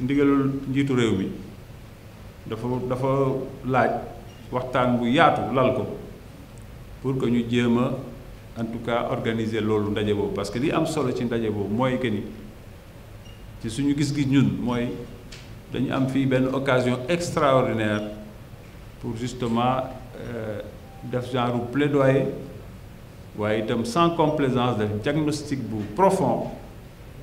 ndigalul njiitu réew mi dafa dafa laaj waxtaan bu yaatu lal ko pour que ñu jéem a en tout cas organiser loolu ndaje boobu parce que li am solo ci ndaje boobu mooy que ni ci suñu gis-gis ñun mooy dañu am fii benn occasion extraordinaire pour justement euh, def genre plaidoyer waaye itam sans complaisance def diagnostic bu profond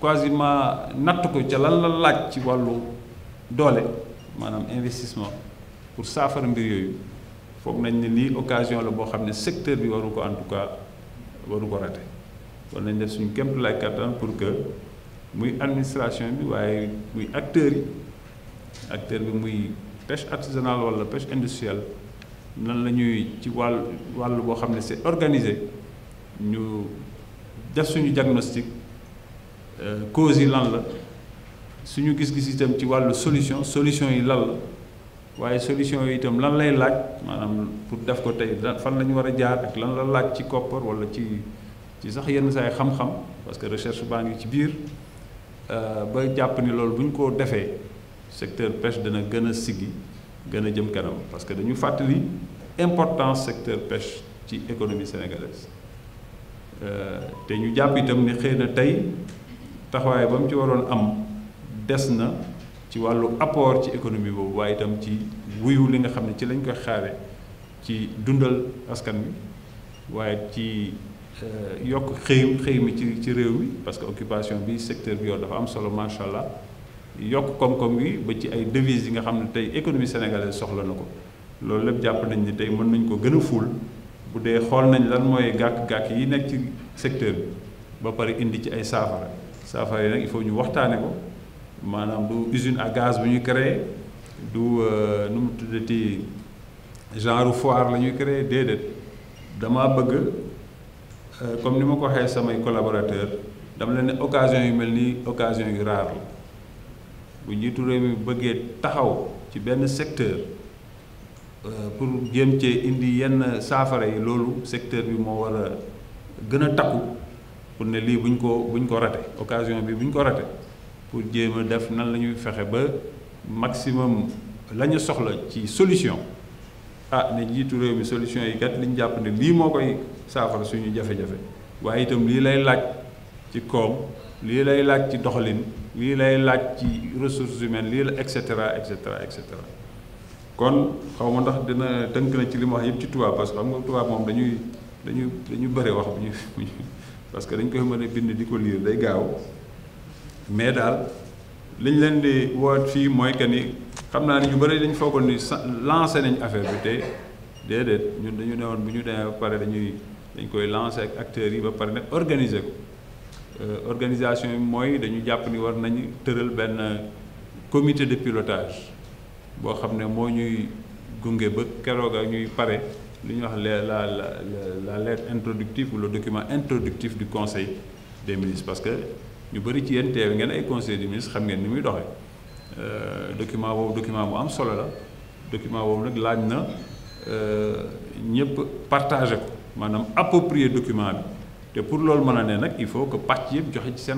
quasiment natt ko ci lan la laaj ci walu doole manam investissement pour safar mbir yoyu foog nañ ne li occasion la bo xam secteur bi waru ko en tout cas waru ko raté war nañ def suñu kémtu lay kattan pour que muy administration bi waye muy acteur yi acteur bi muy pêche artisanale wala pêche industrielle nan la ci wàll wàll bo xam c'est organisé ñu def suñu diagnostic euh, cause yi lan la suñu gis-gis itam ci wàllu solution solution yi lan la waaye solution yi itam lan lay laaj maanaam pour def ko tey fan la ñu war a jaar ak lan la laaj ci koppar wala ci ci sax yenn saay xam-xam parce que recherche baa ngi ci biir euh, ba jàpp ni loolu buñ ko defee secteur pêche dana gën a siggi gën a jëm kanam parce que dañu fàttali importance secteur pêche ci économie sénégalaise euh, te ñu jàpp itam ni xëy na tey taxawaay ba mu ci waroon am des na ci wàllu apport ci économie boobu waaye itam ci wuyu li nga xam ne ci lañ koy xaare ci dundal askan wi waaye ci euh, yokk xëy xëy mi ci ci réew mi parce que occupation bi secteur bi yor dafa am solo macha allah yokk koom-koom bi ba ci ay devises yi nga xam ne tey économie sénégalaise soxla na ko loolu lépp jàpp nañ ni tey mën nañ ko gën a ful bu dee xool nañ lan mooy gàkk-gàkk yi nekk ci secteur bi ba pare indi ci ay saafara. saafara yi nag il faut ñu waxtaane ko maanaam du usine à gaz bu ñuy créer du euh, nu mu tuddati genre foire la ñuy créer déedéet dama bëgg euh, comme ni ma ko waxee samay collaborateur dama leen ne occasion yu mel nii occasion yu rare la bu njiitu réew mi bëggee taxaw ci benn secteur euh, pour gém cee indi yenn saafara yi loolu secteur bi moo war a gën a takku pour ne lii buñ ko buñ ko raté occasion bi buñ ko raté pour jéem a def nan la ñuy fexe ba maximum la ñu soxla ci solution ah ne jiitu réew mi solution yi kat li ñu jàpp ne lii moo koy saafara suñu jafe-jafe waaye itam lii lay laaj ci koom lii lay laaj ci doxalin lii lay laaj ci ressources humaines lii la et cetera et cetera et cetera kon xaw ma ndax dina tënk na ci li ma wax yëpp ci tubaab parce que xam nga tubaab moom dañuy dañuy dañuy bëri wax bu ñu parce que dañ koy mën a bind di ko liir day gaaw mais daal li leen di woot fii mooy que ni xam naa ni ñu bëri dañ foogoon ni sa lancé nañ affaire bi te déedéet ñun dañu ne woon bu ñu demee ba pare dañuy dañ koy lancé ak acteurs yi ba pare nag organiser ko euh, organisation bi mooy dañu jàpp ni war nañu tëral benn comité de pilotage boo xam ne moo ñuy gunge ba keroog ak ñuy pare la lettre introductive ou le document introductif du conseil des ministres parce que nous, avons ci conseil des ministres xam document euh, document boobu document bu document euh, document document pour le il faut que partir du ci